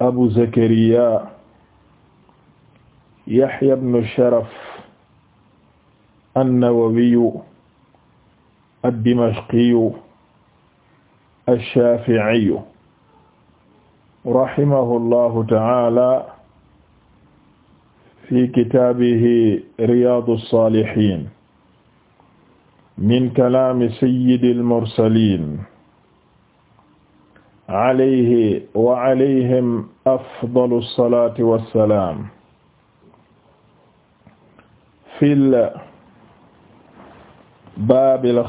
abu zakariya yahya ibn sharaf an-nawawiyu ad-dimashqiyu ash-shafi'iyu rahimahullahu ta'ala fi kitaabihi riyaadu saalihiin min kalaami sayyidil mursaliin alayhi wa alayhim afdalu salaati wa salaam fil baabil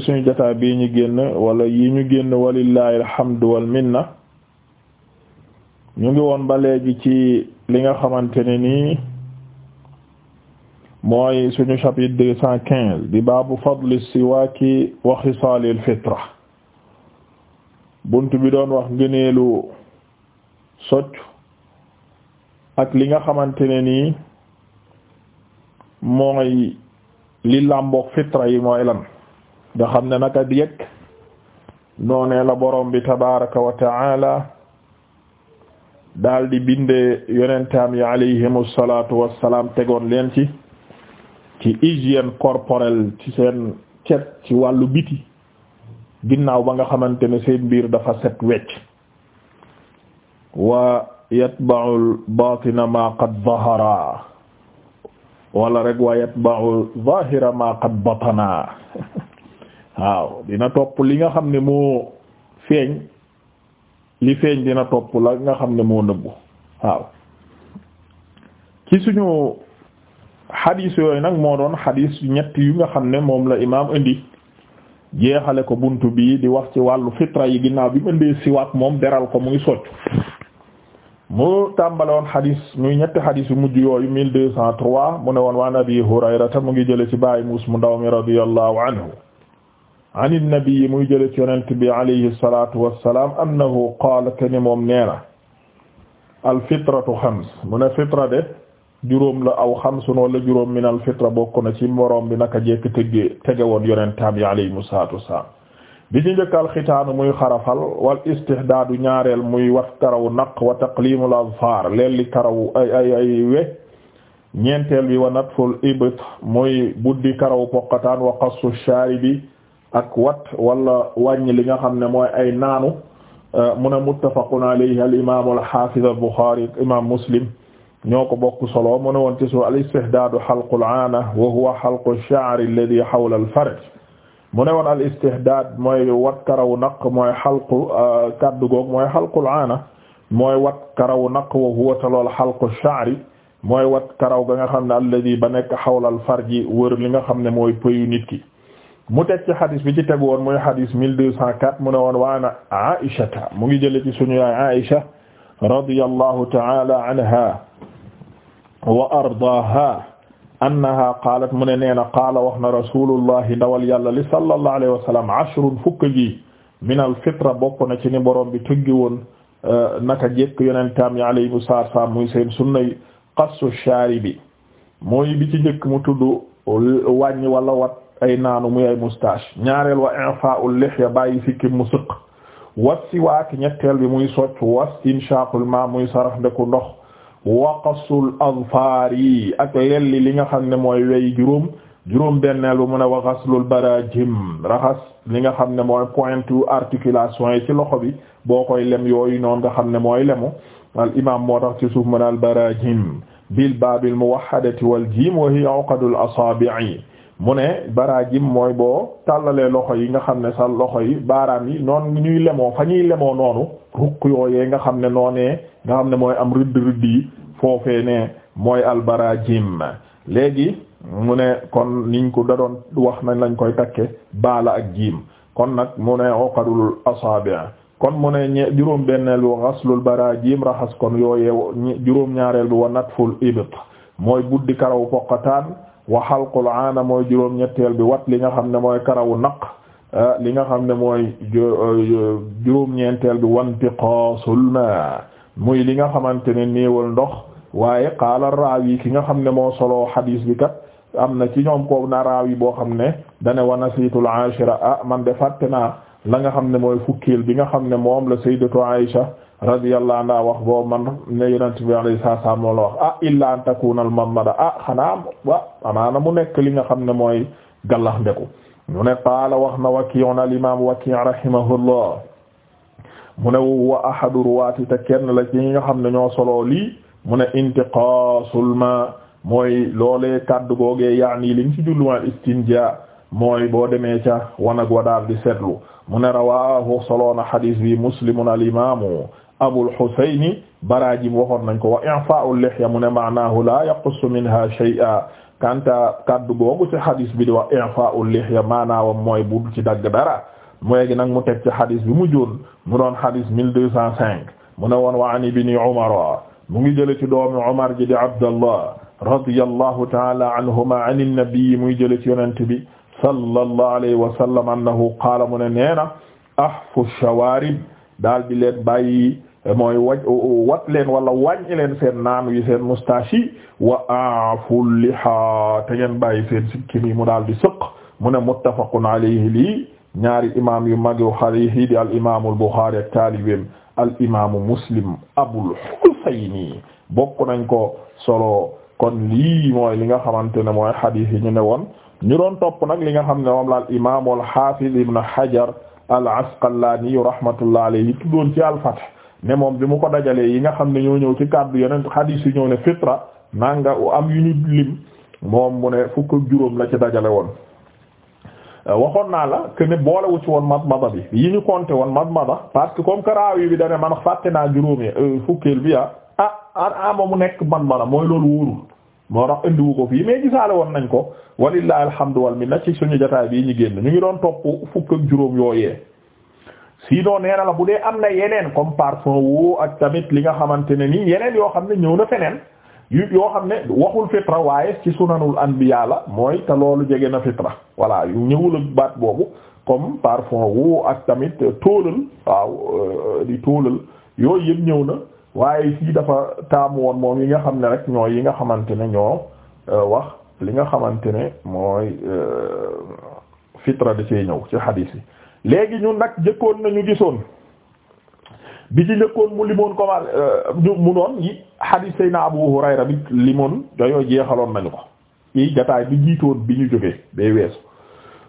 suñu jotaay bii ñu génn wala yi ñu génn walillaahi alhamdu wal minna ñu ngi woon ba léegi ci li nga xamante ne nii. mooy suñu chapitre deux cent quinze di baabu fadli siwaaki wa xisaalil fitra bunt bi doon wax ngëneelu soccu ak li nga xamante ne nii mooy li làmboog fitra yi mooy lan nga xam ne naka yëg noonee la borom bi tabaraka wa taala daal di binde yonentaam yi alayhimu salaatu wassalaam tegoon leen ci ci hygiène corporelle ci seen cet ci wàllu biti ginnaaw ba nga xamante ne seen mbir dafa set wecc wa yatba'ul batina ma qad zahara wala rek wa yatba'ul zahira ma qad batana waaw dina topp li nga xam ne moo feeñ li feeñ dina topp la nga xam ne moo nëbbu waaw ci suñu xadiis yooyu nag moo doon xadiis ñett yu nga xam ne moom la imaam indi jeexale ko bunt bii di wax ci wàllu fitra yi ginnaaw bi mu indee siwaak moom deral ko muy soccu mu tàmbale woon xadis muy ñetti xadis yu mujj yooyu mille deux cent trois mu ne woon waan abi hurayrata mu ngi jële ci bàyyi muus mu ndaw mi radiyallahu anhu an innabii muy jële ci yonent bi alayhi salatu wassalam annahu qaala kene moom nee na alfitratu xams mu ne fitra de juróom la aw xamsun wala juróom min al fitra bokk na ci borom bi naka jekk tëggee tege woon yonentam yi alayhimu salaatu wassalaam bi ci njëkk al xitaanu muy xarafal wal istihdaadu ñaareel muy wat karawu naq wa taqlimul azfar lelli karawu ay ay ay we ñeenteel bi wa natful ibt muy buddi karawu poqataan wa qassu shaaribi ak wat wala wàññi li nga xam ne mooy ay naanu eh, mu ne muttafaqun alayhi al imaam al xaafiz imaam muslim ñoo ko bokk solo mu ne woon ci su al-istihdaadu halqul aana wa huwa halqu sha'ri alladhi hawla al-farj mu ne woon al-istihdaad mooy wat karawu naq mooy halqu euh, kaddu goog mooy halqul aana mooy wat karawu naq wa huwa talool halqu sha'ri mooy wat karaw ga nga xam ne alladhi ba nekk hawla al-farji wër li nga xam ne mooy pëyu nit ki mu teg ci xadis bi ci teg woon mooy xadis 1204 mu ne woon waana Aisha mu ngi jële ci suñu yaay Aisha radiyallahu ta'ala anha wa ardaaha annaha qaalat mu ne nee na qaala wax na rasulullahi ndawal yàlla li sallallahu alayhi wa sallam ashrun fukk gi minal fitra bokk na ci ni borom bi tëggi woon euh, naka jekk yonentam yi alayhimu salaatu salaam muy seen sunna yi qassu shaaribi mooy bi ci njëkk mu tudd wàññi wala wat ay naanu muy ay moustache ñaareel wa i'faa'ul lihya bàyyi sikkim mu sëq was si waak ñetteel bi muy socc was inshaaqul ma muy sarax ndeku ndox waqasul azfaar yi ak lelli li nga xam ne mooy wey juróom juróom benneel ba mu ne waxaslul barajim raxas li nga xam ne mooy point articulation yi ci loxo bi boo koy lem yooyu noon nga xam ne mooy lemu al imam moo tax ci suuf mu ne al barajim bil baabil muwahhadati wal jiim wa hiya uqadul asaabi'i mu ne baraajim mooy boo tàllalee loxo yi nga xam ne sa loxo yi baaraam yi noonu ñuy lemoo fa ñuy lemoo noonu ruq yooyee nga xam ne noonee nga xam ne mooy am rëdd rëdd yi foofee ne mooy albaraajim léegi mu ne kon niñ ko da doon wax nañ lañ koy takke baala ak jiim kon nag mu ne oqadul asabi' kon mu ne ñe juróom benneel bi ghaslul baraajim raxas kon yooyee juróom ñaareel bi wa natful ibt mooy buddi karaw poqataan wa xalqul aana mooy juróom ñetteel bi wat li nga xam ne mooy karawu naq eh, li nga xam ne mooy eh, juróom ñeenteel bi wantiqaasul ma muy li nga xamante ne néewal ndox waaye qaala raawi ki nga xam ne moo solo xadiis bi kat am na ci ñoom ko na raawi boo xam ne dane wanasiitul ashira ah man de fàtte naa la nga xam ne mooy fukkeel bi nga xam ne moom la sayyidatu Aisha radiyallahu anha wax boobu wax ah illa an takuna al mamada ah xanaa wa amaana nekk li nga xam ne mooy gallax ndeku mu qaala wax na wakiyon al imam waki' rahimahullah mu ne wa ahadu ruwaati te kenn la ci ñi nga xam ne ñoo solo lii mu ne intiqaasul ma mooy loolee kaddu googee yaani liñ ci julluwaal istinja mooy boo demee ca wanag wa daal di seetlu mu ne rawaahu soloona xadiis bi muslimun al imaamu Abul Husayni Baraajim waxoon nañ ko wa i'faa'ul lihya mu ne maanaahu laa yaqussu minhaa shay'an kanta kaddu googu ci hadis bi di wax i'faa'ul lihya maanaawam mooy bu ci dagg dara mooy gi nag mu teg ci hadis bi mu jóon mu doon hadis mille deux cent cinq mu ne woon wa an ibni Umar mu ngi jële ci doomi Umar ji di Abdallah radiyallahu ta'ala anhuma an an-nabi muy jële ci yonent bi sallallahu alayhi wa sallam annahu qaala mu ne nee na ahfu shawaarib daal di leen bàyyi mooy waj walla leen leen seen naan yi seen moustache yi wa aful liha te ngeen bàyyi seen sikkim mu daal di sëq mu ne muttafaqun alayhi lii ñaari imam yu mag yu xarit di al imaamul Buxaari ak taalibeem al imaamu Muslim Abul Husayni bokk nañ ko solo kon lii mooy li nga xamante ne mooy xadiis yi ñu ne woon ñu doon topp nag li nga xam ne moom la al imaamul Haafiz Ibn Hajar al-Asqalaani rahmatullahi alayhi tuddoon ci al-Fath ne moom bi mu ko dajalee yi nga xam ne ñoo ñëw ci kàddu yeneen xadiis yu ñëw ne fitra nanga am yu ñu lim moom mu ne fukk juróom la ci dajale woon waxoon naa la que ne boolewu ci woon madmada bi yi ñu compté woon madmada parce que comme que raawi bi dane man fàtte naa juróomi euh, fukkeel bi a ah ah, ah, ah mu nekk madmada mooy loolu wóorul moo tax andiwu ko fii mais gisaale woon nañ ko walillahi alhamdu wal minna ci suñu jotaay bii ñu génn ñu ngi doon topp fukk ak juróom yooyee sinon nee na la bu dee am na yeneen comme parfum wu ak tamit li nga xamante ne nii yeneen yoo xam ne ñëw na feneen yu yoo xam ne waxul fitra waaye ci sunanul bi yàlla mooy te loolu jege na fitra voilà yu ñëwul ak baat boobu comme parfum woo ak tamit tóolal waaw euh, tóolal yooyu yëpp ñëw na waaye fii dafa taamu woon moom yi nga xam ne rek ñoo yi nga xamante ne ñoo euh, wax li nga xamante ne mooy euh, fitra da cee ñëw ci xadiis yi léegi ñun nag jëkkoon nañu gisoon bi ci njëkkoon mu limoon ko wa euh, ñu mu noon yi xadiis sayna Abu limoon dañoo jeexaloon nañu ko yi bi jiitoon bi ñu jógee bay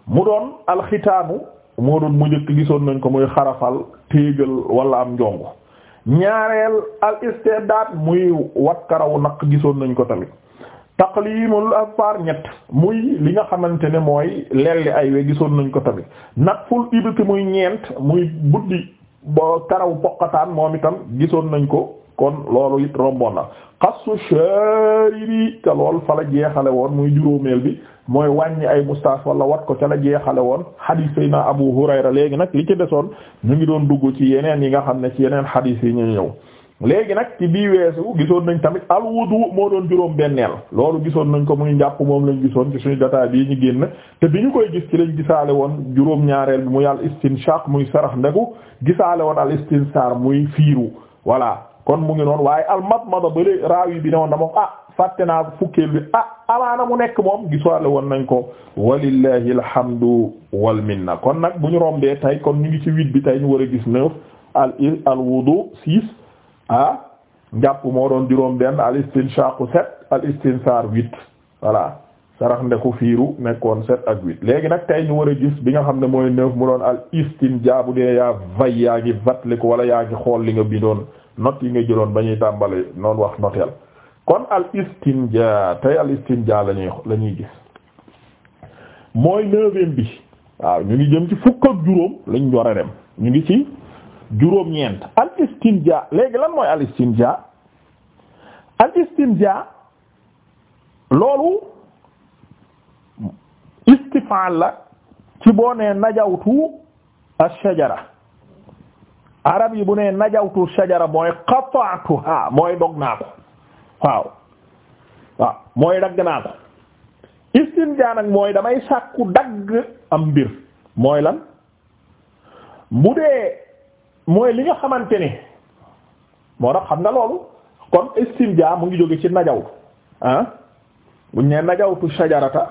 mu doon alxitaanu moo doon mu njëkk gisoon nañ ko muy xarafal téegal wala am njong ñaareel al istidad muy wat karaw naq gisoon nañ ko tamit taqlimul afar ñett muy li nga xamante ne mooy lelli ay we gisoon nañ ko tamit natful ibti muy ñeent muy buddi ba karaw poqataan moom itam gisoon nañ ko kon loolu it rombon na xassu shaaribi te lool fa la jeexale woon muy juróomeel bi mooy wàññi ay moustache wala wat ko ca la jeexale woon hadis sayna Abu Hurayra léegi nag li ci desoon ñu ngi doon dugg ci yeneen yi nga xam ne ci yeneen hadis yi ñuy ñëw léegi nag ci bii weesu gisoon nañ tamit al wudu moo doon juróom benneel loolu gisoon nañ ko muy njàpp moom lañ gisoon ci suñu jotaay bii ñu génn te bi ñu koy gis ci lañ gisaale woon juróom ñaareel bi muy al istinshaq muy sarax ndegu gisaale woon al istinsar muy fiiru voilà kon mu ngi noonu waaye almadmada bale raawi bi ne woon dama ah fàtte naa fukkeel bi ah alaana mu nekk moom gisoale woon nañ ko walillahi alhamdu wal minna kon nag bu ñu rombee tay kon ñu ngi ci huit bi tay ñu war a gis neuf al al wudu six ah njàpp moo doon juróom benn al istinshaqu sept al istinsaar huit sarax ndeku fiiru nekkoon sept ak huit léegi nag tay ñu war a gis bi nga xam ne mooy neuf mu doon al istinjaa bu dee yaa vay yaa ngi vatli ko wala yaa ngi xool li nga bindoon note yi nga jëloon ba ñuy tàmbali noonu wax noteel kon al istinja tey al istinja lañuy la gis mooy neuvième bi waaw ñu ngi jëm ci fukk ak juróom lañ war a ñu ngi ci juróom ñeent al istinja léegi lan mooy al istinja al istinja loolu istifaal la ci boo nee najawtu ashajara arab yi bu ne najawtu shajara mooy qata'tuha mooy dog naa ko waaw mooy dagg naa ko istinjaa nag mooy damay sàkku dagg am mbir mooy lan bu dee mooy li nga xamante ni moo tax xam nga loolu kon istinjaa mu ngi jóge ci najawtu ah buñ ne najawtu shajarata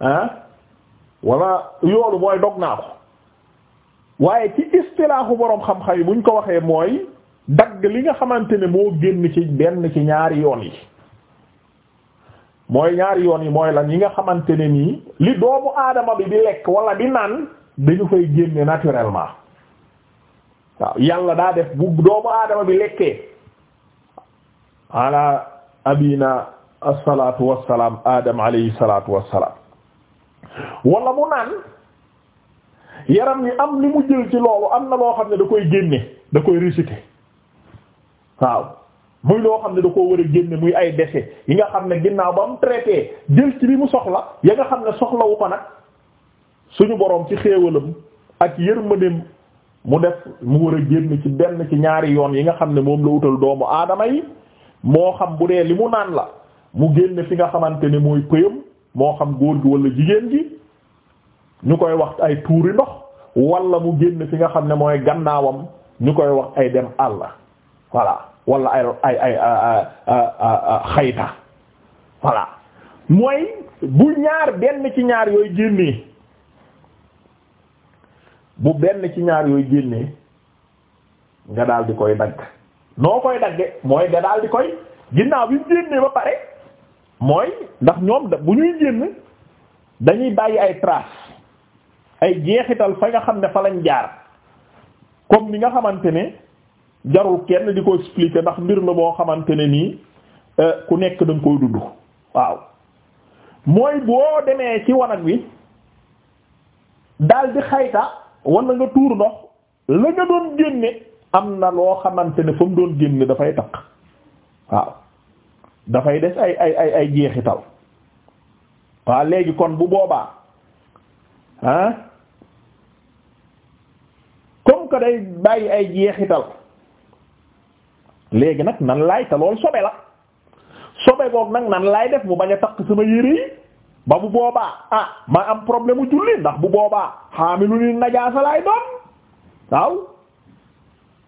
ah wala yoolu mooy dog naa ko waaye ci istilaaxu boroom xam-xam yi buñ ko waxee mooy dagg li nga xamante ne moo génn ci benn ci ñaari yoon yi mooy ñaari yoon yi mooy lan yi nga xamante ne nii li doomu aadama bi di lekk wala di naan dañu fay génne naturellement waaw yàlla daa def bu doomu aadama bi lekkee ala abina asalaatu wassalaam adam alayhi salaatu wassalaam wala mu naan yaram yi am li mu jël ci loolu am na loo xam ne da koy génne da koy rejeter waaw muy loo xam ne da koo war a génne muy ay déchets yi nga xam ne ginnaaw ba mu traité jël ci li mu soxla ya nga xam ne soxlawu ko nag suñu boroom ci xéewalam ak yërmandeem mu def mu war a génn ci benn ci ñaari yoon yi nga xam ne moom la wutal doomu aadama yi moo xam bu dee li mu naan la mu génn fi nga xamante ne mooy pëyam moo xam góor gi wala jigéen gi ñu koy wax ay tuuri ndox wala mu génn fi nga xam ne mooy gannaawam ñu koy wax ay dem àll voilà wala ay ay ay xayta voilà mooy bu ñaar benn ci ñaar yooyu génnee bu benn ci ñaar yooyu génnee nga daal di koy dagg noo koy dagge mooy nga daal di koy ginnaaw bi génnee ba pare mooy ndax ñoom bu ñuy génn dañuy bàyyi ay traces ay jeexital fa nga xam ne fa lañ jaar comme ni nga xamante ne jarul kenn di ko expliquer ndax mbir la moo xamante ne nii euh, ku nekk da nga koy dund waaw mooy boo demee ci wanag wi daal di xayta wala nga tuur ndox la nga doon génne am na loo xamante ne fa mu doon génne dafay takk waaw dafay des ay ay ay ay jeexital waaw léegi kon bu boobaa ah que day bàyyi ay jeexital léegi nag nan laay te lool sobe la sobe boog nag nan laay def mu bañ a takk sama yére ba bu boobaa ah ma am problème mu julli ndax bu boobaa xaamilu ni najaasa laay doon waaw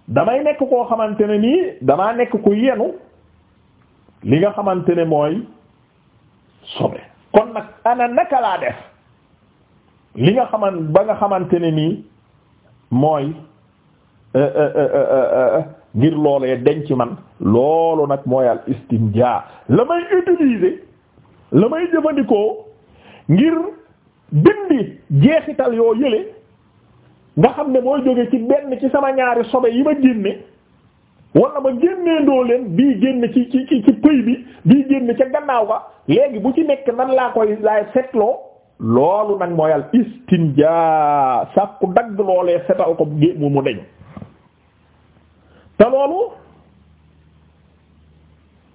damay nekk koo xamante ne nii damaa nekk ku yenu li nga xamante ne mooy sobe kon nag ana naka laa def li nga xaman ba nga xamante ne nii mooy Eh, eh, eh, ngir loolee denc man loolu nag mooy al istinja la may utiliser la may jëfandikoo ngir dindi jeexital yoo yële nga xam ne mooy jóge ci benn ci sama ñaari sobe yi ma génne wala ma génnee ndoo leen bii génn ci ci ci pëy bi bii génn ca gannaaw ga léegi bu ci nekk nan laa koy laay setloo loolu nag mooy al istinja sàkku dagg loolee setal ko mu mu deñ te loolu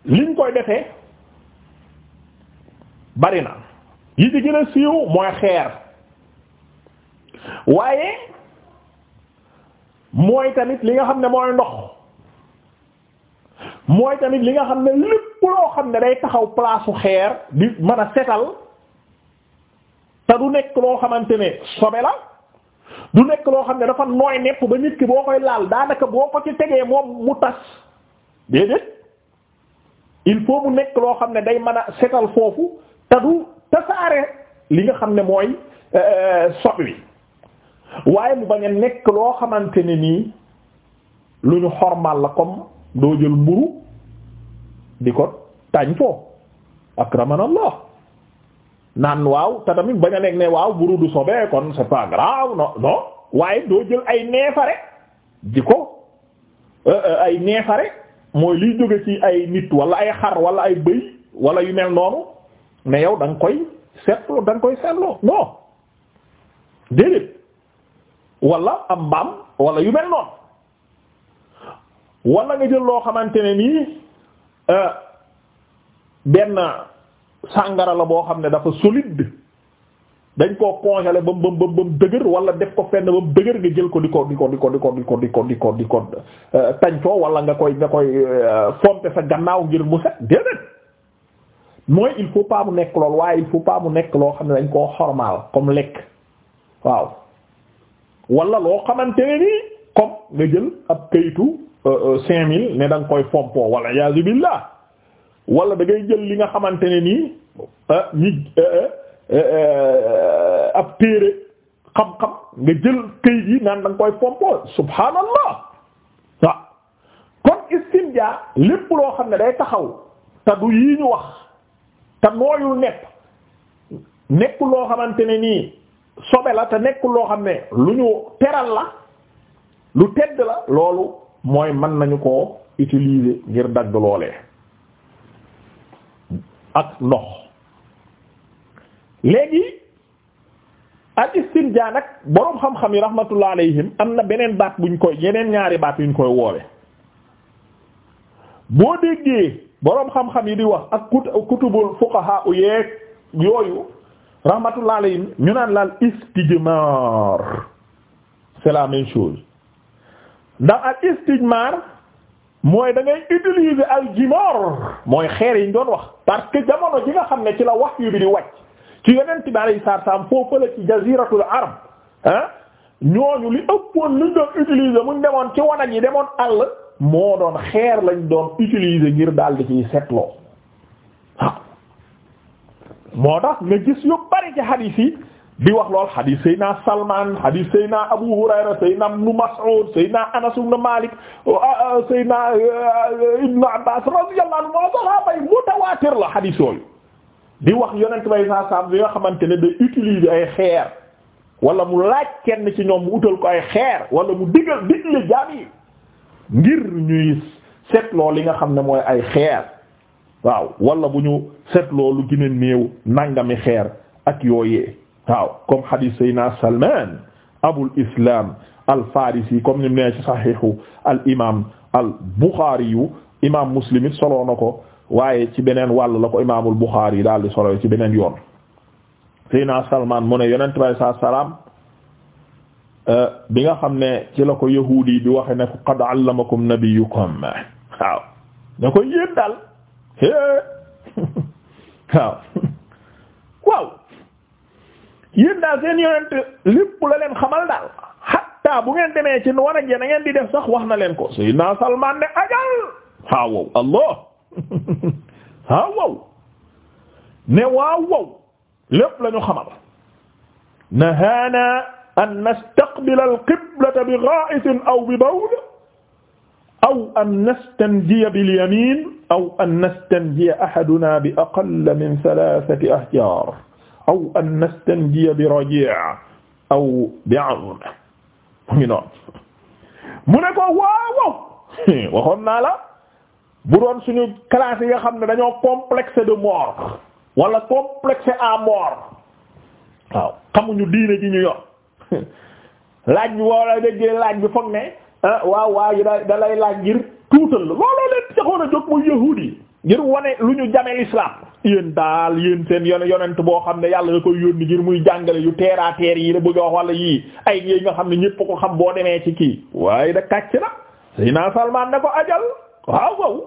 liñ koy defee bari na yi ci gën a siiw mooy xeer waaye mooy tamit li nga xam ne mooy ndox mooy tamit li nga xam ne lépp loo xam ne day taxaw palaasu xeer di mën a setal te du nekk loo xamante ne sobe la du nekk loo xam ne dafa nooy nepp ba nit ki boo koy laal daanaka boo ko ci tegee moom mu tas déedéet il faut mu nekk loo xam ne day man a setal foofu te du tasaare li nga xam ne mooy euh, sob wi waaye mu bañ a nekk loo xamante ne nii lu ñu xormal la comme doo jël mburu di ko tàñ foo akramanallah naan waaw te tamit bañ a nekk ne waaw buru du sobe kon c'est pas grave non non waaye doo jël ay neefare di ko euh, euh, ay neefare mooy liy jóge ci ay nit wala ay xar wala ay bëy wala yu mel noonu ne yow da koy seetlu da nga koy seetlu non déedéet wala am mbaam wala yu mel noonu wala nga jël loo xamante ne nii euh, benn. sàngara la boo xam ne dafa solide dañ koo congelé ba mu ba mu dëgër wala def ko fenn ba mu dëgër nga jël ko di ko di ko di ko di ko di ko di ko di ko di ko euh, tancoo wala nga koy nga koy euh, fompe sa gannaaw ngir mu set déedéet mooy il faut pas mu nekk lool waaye il faut pas mu nekk loo xam ne dañ koo xormaal comme lekk waaw wala loo xamante ne nii comme nga jël ab kayitu euh, cinq mille ne da nga koy fompoo wala yaazu billah wala da ngay jël li nga xamante ne nii ah, eh, eh, eh, ab téere xam-xam nga jël këyit yi naan da koy pompo subhaanallah waaw kon istinja lépp loo xam ne day taxaw te du yii ñu wax te nooyul nekk nekk loo xamante ne nii sobe la te nekk loo xam ne lu ñu teral la lu tedd la loolu mooy mën nañu ko utiliser ngir dagg loolee ak ndox léegi al istinjaa nag boroom xam-xam yi rahmatullah alayhim am na beneen baat buñ koy yeneen ñaari baat yuñ koy woowe boo déggee boroom xam-xam yi di wax ak kutubul fuqaha u yeeg yooyu rahmatullah alayhim ñu naan laal istijmar c'est la chose ndax al istijmar mooy da ngay utiliser al jimar mooy xeer yi ñu doon wax parce que jamono ji nga xam ne ci la wax yu bi di wàcc ci yeneen bi alei saatu salaam foofu la ci la arab ah ñooñu li ëppoon luñ doon utiliser muñ demoon ci wanag yi demoon àll moo doon xeer lañ doon utiliser ngir daal di ciy setloo waaw moo tax nga gis yu bari ci hadith yi di wax lool xadis Seydina Salman xadis Seydina Abu Hurayra Seydina Ibnu Mas'ud Seydina Anas Malik Seydina Ibnu Abbas radiyallahu anhu sahaaba yi la xadis di wax yonent bay saa saam yoo xamante ne day utiliser ay xeer wala mu laaj kenn ci ñoom mu utal ko ay xeer wala mu digal digle jaam yi ngir ñuy seetloo li nga xam ne mooy ay xeer waaw wala bu ñu seetloo lu gën a néew nangami xeer ak yooyee waaw comme hadith sayna Salman abul islam al ni mu nee ci saxiixu al imaam imaam muslim it solo na ko waaye ci beneen wàll la ko imaamul yi daal di solo ci beneen yoon. sayna Salman mu ne yonent bi saa salaam euh, bi nga xam ne ci la ko yahuudi bi waxe ne ko qad allamakum nabiyukum waaw ne ko yéen daal hee waaw waaw. yéen daal seen yonent lépp la leen xamal daal hatta bu ngeen demee ci war a ngeen ngeen di def sax wax na leen ko Seydina Salman ne ajal haa wow allah haa ne waaw wow lépp la ñu xamal nahaana an nastaqbila alqiblata bi gha'itin aw bi bawl aw an nastanjiya bil yamin aw an nastanjiya ahaduna bi aqall aw an nastanjiya bi raji' aw bi'azm mu ngi noonu mu ne ko waaw waxoon naa la bu doon suñu classe yi nga xam ne dañoo complexe de mort wala complexe à mort waaw xamuñu diine ji ñu yor laaj bi wala déggee laaj bi foog ne ah, waaw waaw da laaj ngir tuutal looloo leen taxoon a jóg muy yahuudi ngir wane lu ñu jame l'islam yéen daal yéen seen yon yonent boo xam ne yàlla da koy yónni ngir muy jàngale yu teer a teer yi la bëgg wax wala yii ay yi nga xam ne ñépp ko xam boo demee ci kii waaye da kàcc na Seydina Salman ne ko ajal waaw waaw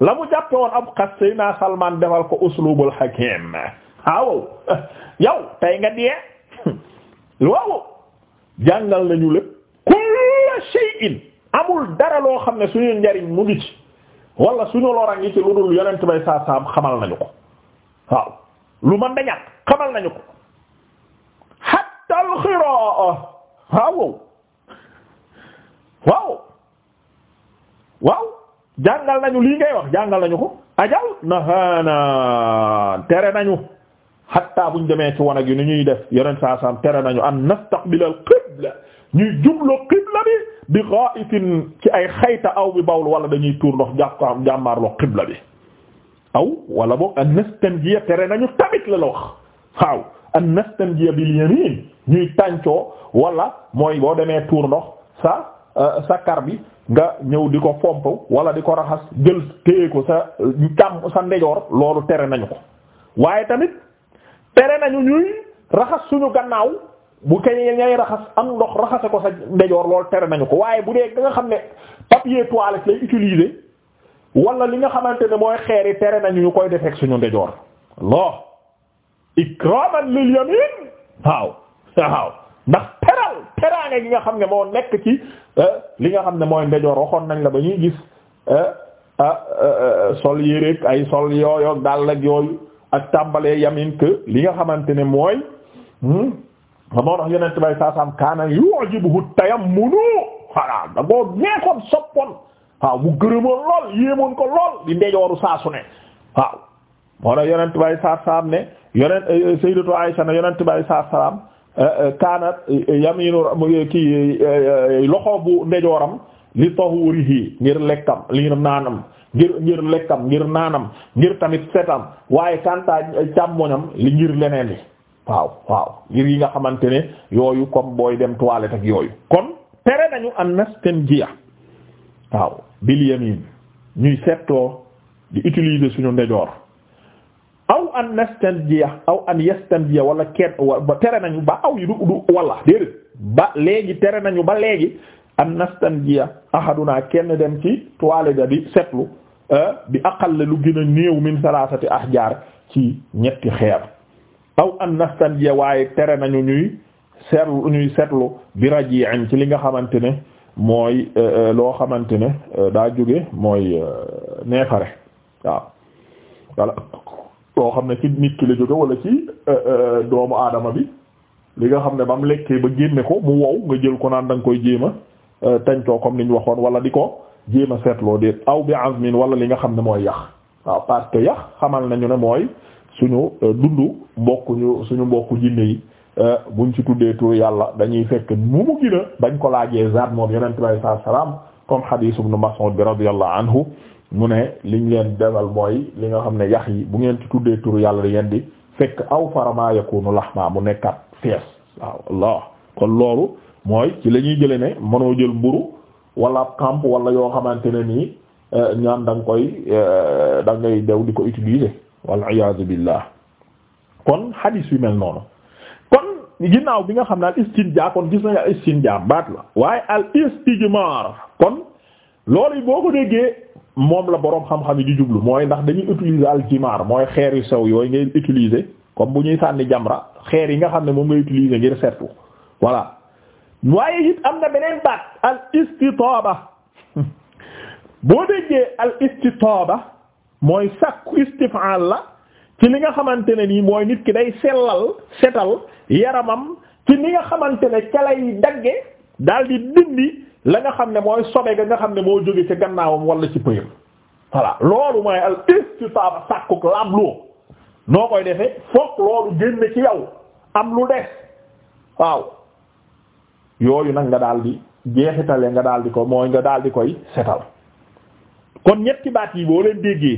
la mu jàppe woon ab xas Seydina Salman defal ko uslubul hakim waaw yow tey nga diyee waaw jàngal nañu lépp kullu shay'in amul dara loo xam ne suñu njariñ mu ngi ci wala suñu lora ngi ci lu dul yonent bay saa xamal nañu ko waaw lu man dañat xamal nañu ko hatta al-xiraa waaw waaw waaw jàngal nañu lii ngay wax jàngal nañu ko ajal nahaana tere nañu hatta buñ demee ci wanag gi ni ñuy def yonent saa saam tere nañu an nastaqbil al-qibla ñuy jublu qibla bi bi gha'itin ci ay xayta aw bi bawl wala dañuy tuur ndox jàkkaar jàmmaarloo xibla bi aw wala boog an nastanjiya tere nañu tamit la la wax waaw an nastanjiya bil yamin ñuy tàncoo wala mooy boo demee tuur ndox sa euh, sa kar bi nga ñëw di ko fomp wala di ko raxas jël téye ko sa euh, càmm sa ndejoor loolu tere nañu ko waaye tamit tere nañu ñuy raxas suñu gannaaw bu kañ ñay raxas am ndox raxase ko sa ndejoor loolu tere nañu ko waaye bu dee nga xam ne papier toilette lay utiliser wala li nga xamante ne mooy xeeri tere nañu ñu koy defeek suñu ndejoor loo ikraman lil yamin waaw waaw ndax teral gi nga xam ne moo nekk ci eh, li nga xam ne mooy ndejoor waxoon nañ la ba ñuy gis eh, ah, eh, sol yéreek ay sol yooyoog daal ak yooyu ak tàmbalee yamin que li nga xamante ne mooy hmm, a moo tax yenente bay saasaam kaana yu'jibuhu tayammunu voilà da koo neexoon soppoon waaw bu gërëm lool yéemoon ko lool di ndejooru saasu ne waaw moo tax yonent bay ne yonent eh, eh, sayyidatu Aisha ne yonent bay saasaam ki loxo bu ndejooram li tahurihi ngir lekkam ngir naanam ngir ngir lekkam ngir naanam ngir tamit setam waaye kanta eh, càmmoñam li ngir leneen li waaw waaw ngir yi nga xamante ne yooyu comme booy dem toilette ak yooyu kon tere nañu an nastanjiya waaw bil yamin ñuy settoo di utiliser suñu ndejoor aw an nastanjiya aw an yastanjiya wala kenn tere nañu ba aw yi du du wala déedéet ba léegi tere nañu ba léegi an nastanjiya ahaduna kenn dem ci toilette ga di setlu eh, bi aqal lu gën a néew min salasati ahjar ci ñetti xeer aw an nastandiya waaye tere nañu ñuy seetlu ñuy seetlu bi raji'in ci li nga xamante ne mooy euh, euh, loo xamante ne euh, daa jóge mooy neefare waaw voilà loo xam ne ci nit ki la jóge wala ci doomu aadama bi li nga xam ne ba mu lekkee ba génne ko mu wow nga jël ko naan da koy jéema tañtoo comme niñ waxoon wala di ko jéema seetloo déet aw bi azmin wala li nga xam ne mooy yax waaw parce yax xamal nañu ne mooy suñu euh, dundu mbokkuñu suñu mbokku jinne yi euh, buñ ci tuddee tur yàlla dañuy fekk mu mu gina bañ ko laajee zaat moom yonent bi alayhi salaam comme hadith nu Mas'ud bi radiyallahu anhu mu ne liñ leen defal mooy li nga xam ne yax yi bu ngeen ci tuddee tur yàlla da ngeen di fekk aw farama yakunu laxma mu nekkaat fees waaw Allah loolu mooy ci lañuy ñuy ne mënoo jël mburu wala ab camp wala yoo xamante ne nii euh, ñaan da nga koy da ngay dew di ko utiliser wal iyaazu billah kon hadis yu mel noonu kon ginnaaw bi nga xam ne al istinja kon gis nañu la waaye al kon loolu boo ko moom la boroom xam yi di jublu mooy ndax dañuy utiliser al jimaar xeer yu sew yooyu ngay utiliser comme bu ñuy sànni jamra xeer yi nga xam ne moom ngay utiliser ngir seetlu voilà waaye am na beneen boo déggee al istitaaba mooy sakku istifaal la ci li nga xamante ne nii mooy nit ki day sellal setal yaramam ci li nga xamante ne ca lay dagge daal di dindi la nga xam ne mooy sobe ga nga xam ne moo jóge ci gannaawam walla ci pëyam voilà loolu mooy al istitaaba sàkkuk laabloo noo koy defee fokk loolu génne ci yow am lu des waaw yooyu nag nga daal di jeexitale nga daal di ko mooy nga daal di koy setal kon ñetti baat yi boo leen déggee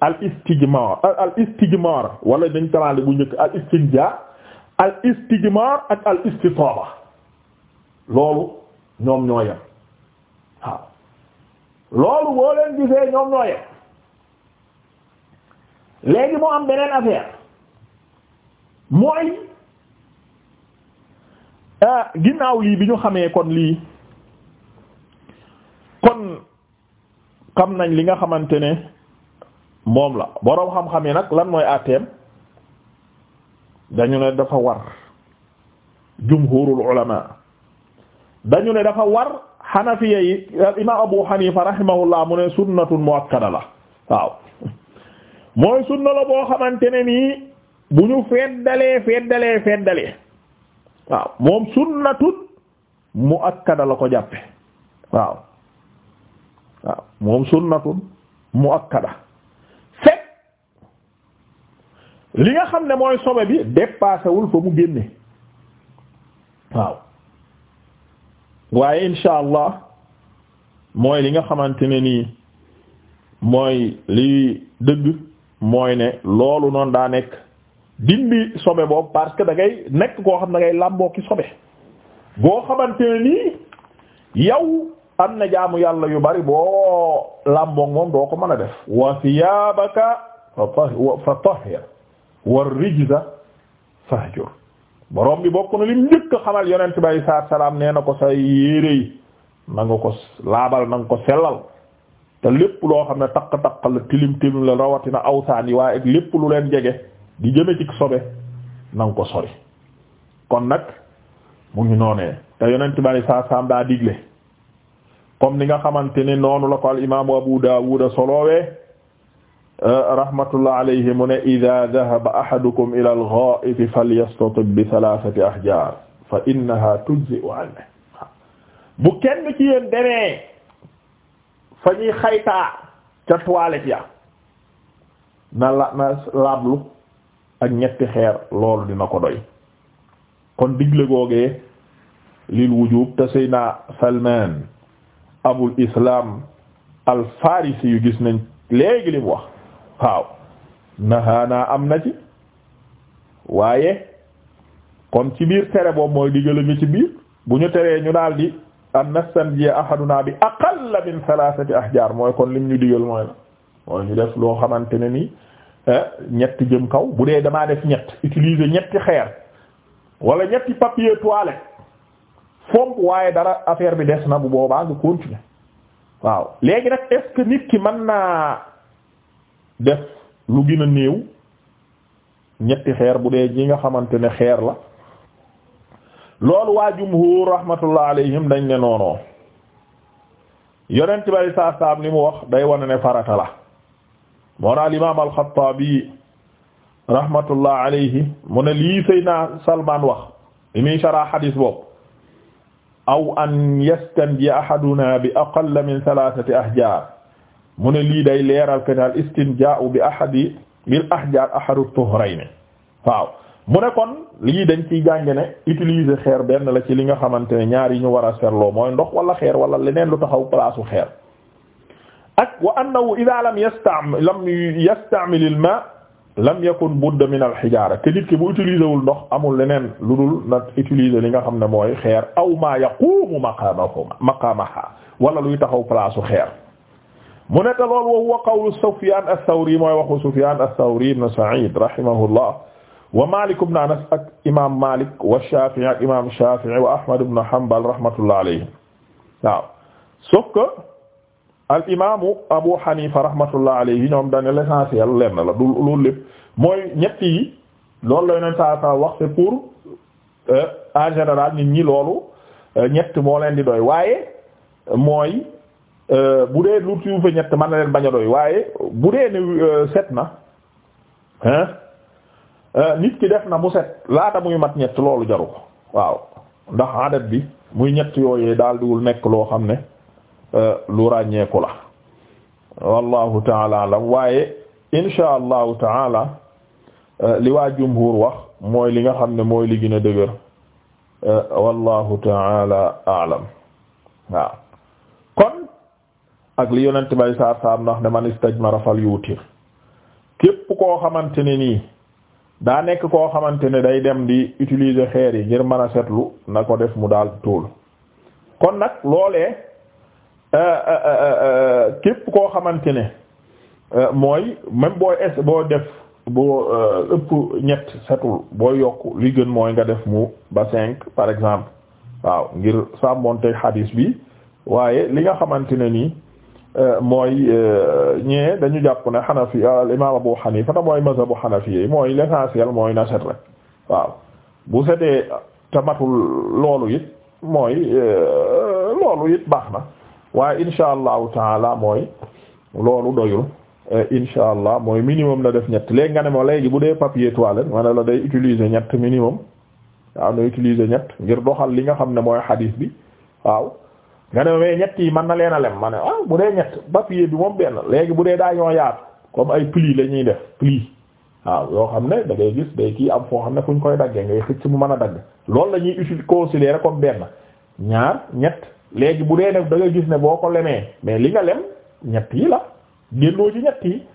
al istijmar al wala dañ taraale bu njëkk al istinja al istijmar ak al istitaaba loolu ñoom ñoo yem loolu boo leen gisee ñoom ñoo yem léegi moo am beneen affaire mooy ah, ginnaaw lii bi ñu xamee kon lii kon xam nañ li nga xamante ne moom la boroom xam-xam yi nag lan mooy àtteem dañu ne dafa war jumhurul ulama dañu ne dafa war xanafiya yi imaam abu xanifa rahimahullah mu ne sunnatun muakkada la mooy sunna la xamante ne nii bu ñu feddalee feddalee feddalee waaw la ko jàppe waaw waaw moom sunnatun muakkada li nga xam ne mooy sobe bi dépassé wul fa mu génne waaw waaye insha allah mooy li nga xamante ne nii mooy li dëgg mooy ne loolu noon daa nekk dindi sobe boobu parce que da nekk koo xam ne da ngay làmboo ki sobe boo xamante ne nii yow am na jaamu yàlla yu bari boo làmboog moom doo ko mën a def wa thiyabaka fa tahir war rijza fahjur borom bi bokk na lim njëkk xamal yonent bi alayhi salaatu salaam nee na ko sa yére yi nga ko laabal na ko sellal te lépp loo xam ne taq-taq la tilim tilim la rawatina awsaan yi waaye ak lépp lu leen jege di jëme ci sobe na ko sori kon nag mu ngi noonee te yonent bi alayhi salaatu daa digle comme ni nga xamante ne noonu la ko al imaamu Abu Daawuda solowee rahmatullah alayhi mu ne ida dahaba ahadukum ila al-gha'iti falyastatib bi thalathati ahjar fa innaha tujzi'u anhu bu kenn ci yéen demee fa ñuy xaytaa ca toilette ya na la na laablu ak ñetti xeer loolu dina ko doy kon digle googee lil wujub te sayna Salman abul islam al farisi yu gis nañ léegi li mu wax waaw nahaana am na ci waaye kon ci biir tere boobu mooy diggalu ñu ci biir bu ñu teree ñu daal di an nastanji ahaduna bi aqalla min thalathati ahjar mooy kon lim ñu digal mooy la mooy ñu def loo xamante ne ni eh, ñetti jëm kaw bu dee damaa def ñett utiliser ñetti xeer wala ñetti papier toilette fomp waaye dara affaire bi des na bu boobaa nga continuer waaw léegi nag est ki mën naa def lu gën a ñetti xeer bu dee ji nga xamante ne xeer la loolu waa jumhur rahmatullah alayhim dañ ne noonoo yonent bari saa saam li mu wax day wane farata la moo naa imaam al-Xattaabi rahmatullah alayhi mu ne lii Seydina Salman wax li muy sharah xadiis aw an yastanji ahaduna bi aqall min thalathati ahjar mu ne lii day leeral que ne al istinjaa'u bi ahadi bil ahjaar ahadu tuhrayni waaw mu ne kon lii dañ ciy jànge ne utiliser xeer benn la ci li nga xamante ne ñaar yi ñu war a seetloo mooy ndox wala xeer wala leneen lu taxaw palaasu xeer ak wa annahu idha lam yasta'mil lam yasta'mil al ma lam yakun budda min al hijaara te nit ki bu utiliser wul ndox amul leneen lu dul nag utiliser li nga xam ne mooy xeer aw ma yaqumu maqaamahu maqaamaha wala luy taxaw palaasu xeer mu ne te loolu wa huwa qawlu Sufyaan as-Sawri mooy waxu Sufyaan as-Sawri ibn Sa'iid rahimahullah wa Maalik ibn Anas ak imaam Maalik wa Shaafi'i ak imaam Shaafi'i wa Ahmad ibn Hanbal rahmatullah alayhi waaw sauf que al imaamu Abu Hanifa rahmatullah alayhi ñoom dañ l'essentiel lenn la du loolu lépp mooy ñett yi loolu la Yonent saa saa wax c'est pour euh, en général nit ñi loolu euh, ñett moo leen di doy waaye mooy. Euh, bu dee lu suufe ñett mën na leen bañ waaye bu dee ne euh, set na hein euh, nit ki def na mu set laata muy mat ñett loolu jaru ko waaw ndax adat bi muy ñett yooyee daal diwul nekk loo xam ne lu ràññeeku la wallahu taala alam waaye insha allahu taala li waa jumhur wax mooy li nga xam ne mooy li gën a dëgër wallahu taala alam waaw ak li yonent bay saar saam ndax ne man istajmara fal yuutir képp koo xamante ne nii daa nekk koo xamante ne day dem di utiliser xeer yi ngir mën a seetlu na ko def mu daal tóol kon nag loolee euh, euh, euh, képp koo xamante ne mooy même boo es boo ëpp ñett setul boo yokk li gën mooy nga def mu ba cinq par exemple waaw ngir sàmmoonte xadiis bi waaye li nga xamante nii Euh, mooy euh, ñee dañu jàpp ne xanafi al euh, imaam Abu Hanifa te mooy mazhabu xanafi yi mooy l'essentiel mooy na set rek waaw bu setee te matul loolu it mooy loolu it baax na waaye insha allahu taala mooy loolu doyul insha allah mooy minimum na def ñett léegi nga ne ma léegi bu dee papier toilette ma la day utiliser ñett minimum waaw na utiliser ñett ngir doxal li nga xam ne mooy xadiis bi waaw nga ne mais ñett yi man na leen a lem ma ne ah bu dee ñett papier bi moom benn léegi bu dee daa ñoo yaatu comme ay pli la ñuy def pli waaw yoo xam ne da ngay gis day kii am foo xam ne fu ñu koy daggee ngay xëcc mu man a dagg loolu la ñuy utile considéré comme benn ñaar ñett léegi bu dee ne da ngay gis ne boo ko lemee mais li nga lem ñett yi la génnoo ci ñett yi